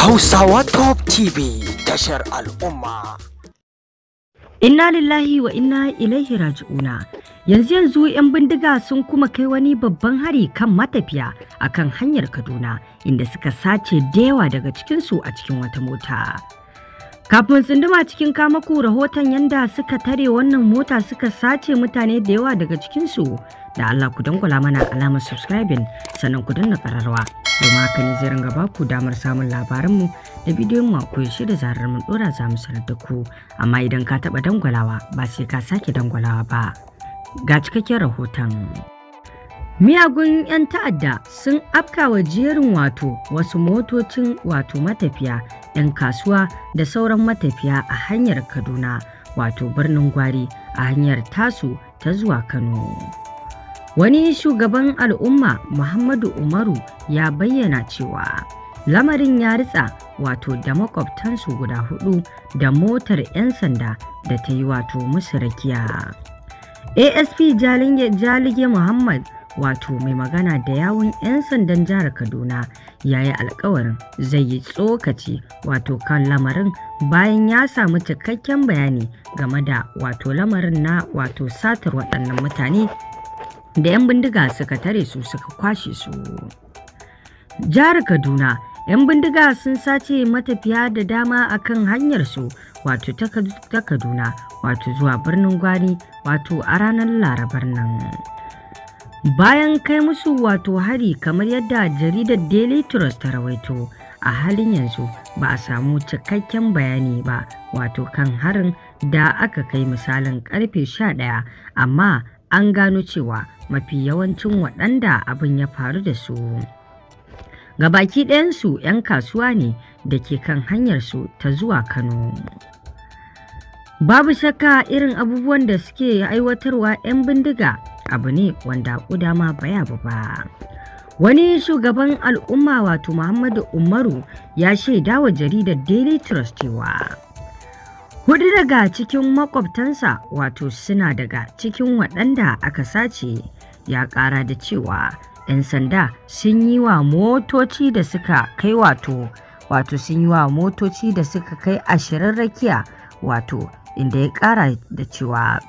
Hausawa Top TV tashar al'umma. Inna lillahi wa inna ilaihi raji'una. Yanzu yanzu 'yan bindiga sun kuma kai wani babban hari kan matafiya a kan hanyar Kaduna inda suka sace da daga cikinsu a cikin wata mota. Kafin tsunduma cikin kamaku rahoton yanda suka tare wannan mota suka sace mutane da yawa daga cikinsu da Allah ku dangula mana alamar subscribing sannan ku danna kararwa domin haka ne zai ringa baku damar samun labaranmu da bidiyon ku shi da zarar mun dora za mu sanar da ku amma idan ka taɓa dangwalawa ba sai ka sake dangwalawa ba ga cikakken rahoton miyagun 'yan ta'adda sun wa jerin wato wasu motocin wato matafiya 'yan kasuwa da sauran matafiya a hanyar kaduna wato birnin gwari a hanyar tasu ta zuwa kano Wani shugaban al'umma Muhammadu Umaru ya bayyana cewa lamarin ya ritsa wato da makwabtansu guda hudu da motar 'yan sanda da ta yi wato musu rakiya. ASP Jalige Muhammad wato mai magana da yawun 'yan sandan jihar Kaduna ya yi alkawarin zai yi tsokaci wato kan lamarin bayan ya samu cikakken bayani game da wato lamarin na wato satar waɗannan mutane da 'yan bindiga suka tare su suka kwashe su jihar kaduna 'yan bindiga sun sace matafiya da dama a kan hanyarsu wato ta kaduna wato zuwa birnin gwari wato a ranar larabar nan bayan kai musu wato hari kamar yadda jaridar daily trust ta rawaito a halin yanzu ba a samu cikakken bayani ba wato kan harin da aka kai misalin karfe 11 amma an gano cewa mafi yawancin waɗanda abin ya faru da su gabaki ɗayansu 'yan kasuwa ne da ke kan hanyarsu ta zuwa kano babu shakka irin abubuwan da suke aiwatarwa 'yan bindiga abu ne wanda ƙuda ma baya ba wani shugaban al'umma wato muhammadu umaru ya shaidawa jaridar daily trust cewa Hudu daga cikin makwabtansa wato suna daga cikin waɗanda aka sace ya ƙara da cewa 'yan sanda sun yi wa motoci da suka kai wato wato sun yi wa motoci da suka kai ashirin rakiya wato inda ya ƙara da cewa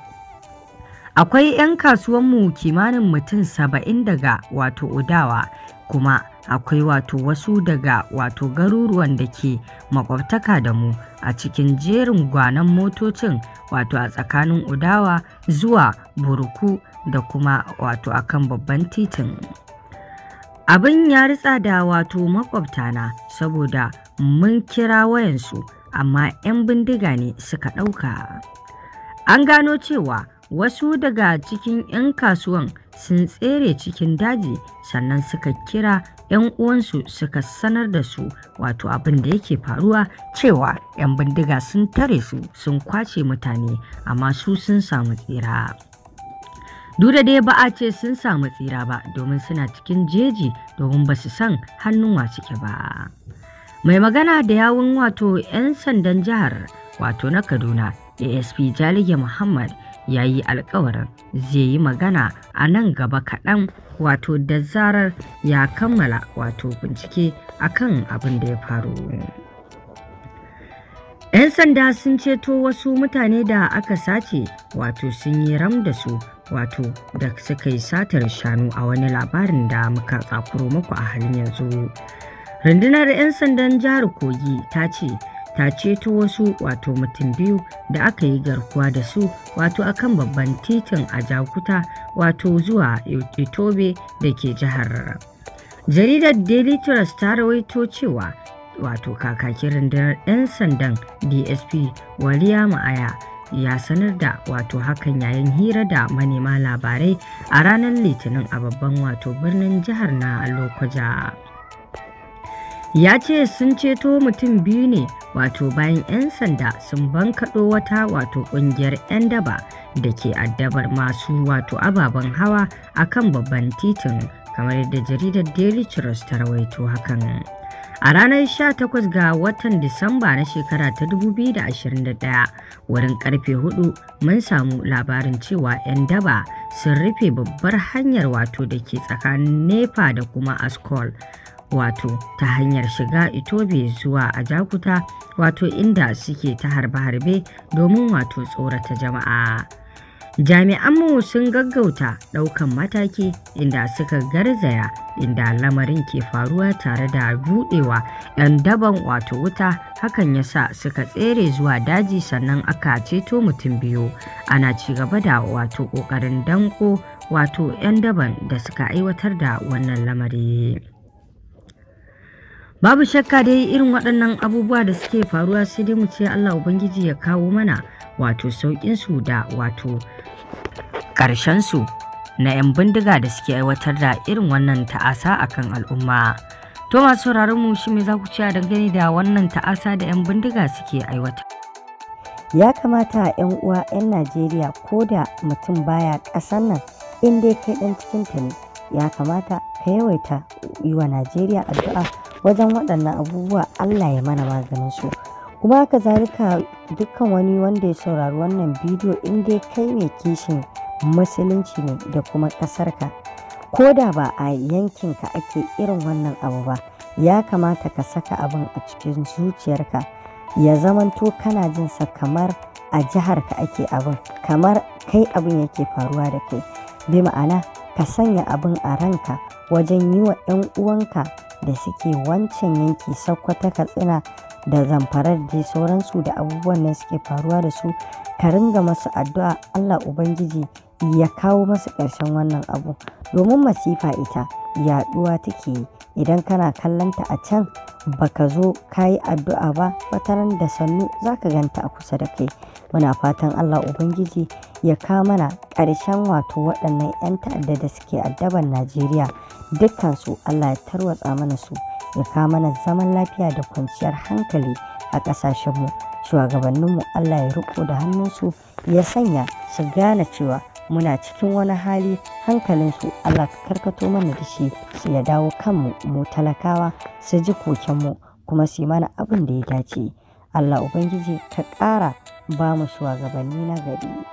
akwai 'yan kasuwanmu kimanin mutum saba'in daga wato udawa kuma akwai wato wasu daga wato garuruwan da ke makwabtaka da mu a cikin jerin gwanan motocin wato a tsakanin udawa zuwa buruku da kuma wato a kan babban titin abin ya ritsa da wato makwabtana saboda mun kira wayansu amma 'yan bindiga ne suka ɗauka an gano cewa Wasu daga cikin 'yan kasuwan sun tsere cikin daji sannan suka kira 'yan uwansu suka sanar da su wato abin da yake faruwa cewa 'yan bindiga sun tare su sun kwace mutane amma su sun samu tsira. Duda dai ba a ce sun samu tsira ba domin suna cikin jeji domin ba su san hannun wa suke ba. Mai magana da yawun wato 'yan sandan jihar wato na Kaduna ASP Jalige Muhammad ya yi alkawarin zai yi magana a nan gaba kaɗan wato da zarar ya kammala wato bincike kan abin da ya faru. 'Yan sanda sun ceto wasu mutane da aka sace wato sun yi ram da su wato da suka yi satar shanu a wani labarin da muka tsakuro muku a halin yanzu. Rundunar 'yan sandan jihar Kogi ta ce ta ceto wasu wato mutum biyu da aka yi garkuwa da su wato akan babban titin a jakuta wato zuwa itobe da ke jihar jaridar daily trust ta rawaito cewa wato kakakin rundunar 'yan sandan dsp waliya ma'aya ya sanar da wato hakan yayin hira da manema labarai a ranar litinin a babban wato birnin jihar na lokaja. ya ce sun ceto mutum biyu ne wato bayan 'yan sanda sun bankaɗo wata wato ƙungiyar 'yan daba da ke addabar masu wato ababen hawa a kan babban titin kamar yadda jaridar daily trust ta rawaito hakan a ranar 18 ga watan disamba na shekara ta 2021 wurin karfe 4 mun samu labarin cewa 'yan daba sun rufe babbar hanyar wato da ke tsakanin nepa da kuma askol wato ta hanyar shiga itobe zuwa a jakuta wato inda suke ta harbe-harbe domin wato tsorata jama'a jami'anmu sun gaggauta ɗaukan mataki inda suka garzaya inda lamarin ke faruwa tare da buɗewa 'yan daban wato wuta hakan ya sa suka tsere zuwa daji sannan aka ceto mutum biyu ana cigaba da wato ƙoƙarin danko wato 'yan daban da suka aiwatar da wannan lamari babu shakka dai irin waɗannan abubuwa da suke faruwa sai dai mu ce Allah ubangiji ya kawo mana wato saukin su da wato ƙarshen su na 'yan bindiga da suke aiwatar da irin wannan ta'asa akan al'umma to masu mu shi me za ku ci a dangane da wannan ta'asa da 'yan bindiga suke aiwatar ya kamata 'yan uwa 'yan najeriya ko da mutum baya ƙasar nan in dai kai ɗan cikin ta ne ya kamata ka yawaita yi wa najeriya addu'a wajen waɗannan abubuwa Allah ya mana maganin su kuma ka zalika dukkan wani wanda ya saurari wannan bidiyo in dai kai mai kishin musulunci ne da kuma ƙasarka ko da ba a yankinka ake irin wannan abu ba ya kamata ka saka abin a cikin zuciyarka ya zamanto kana jinsa kamar a jiharka ake abin kamar kai abin yake faruwa da kai bi ma'ana ka sanya abin a ranka wajen yi wa 'yan uwanka da suke wancan yanki Sokoto, Katsina da zamfarar da sauransu da abubuwan da suke faruwa da su ka ringa masu addu'a Allah Ubangiji ya kawo masa ƙarshen wannan abu domin masifa ita yaɗuwa take yi idan kana kallonta a can baka zo kayi addu'a ba wataran da sannu zaka ganta a kusa da kai muna fatan allah ubangiji ya mana ƙarshen wato waɗannan 'yan ta'adda da suke addaban najeriya dukkansu allah ya tarwatsa mana su ya mana zaman lafiya da kwanciyar hankali a ƙasashenmu shugabanninmu allah ya riko da hannunsu ya sanya su gane cewa muna cikin wani hali hankalinsu Allah ka karkato mana da shi su ya dawo kanmu mu talakawa su ji kokenmu kuma su yi mana abin da ya dace Allah Ubangiji ka ƙara ba mu shugabanni na gari.